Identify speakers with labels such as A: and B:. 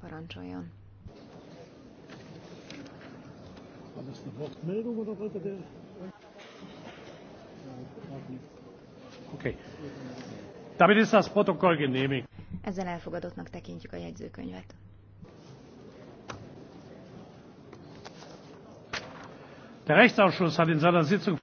A: Parancsoljon.
B: Okay. Damit ist das Protokoll genehmigt.
C: Ezzel elfogadottnak tekintjük a jegyzőkönyvet.
D: Der Rechtsausschuss hat in seiner Sitzung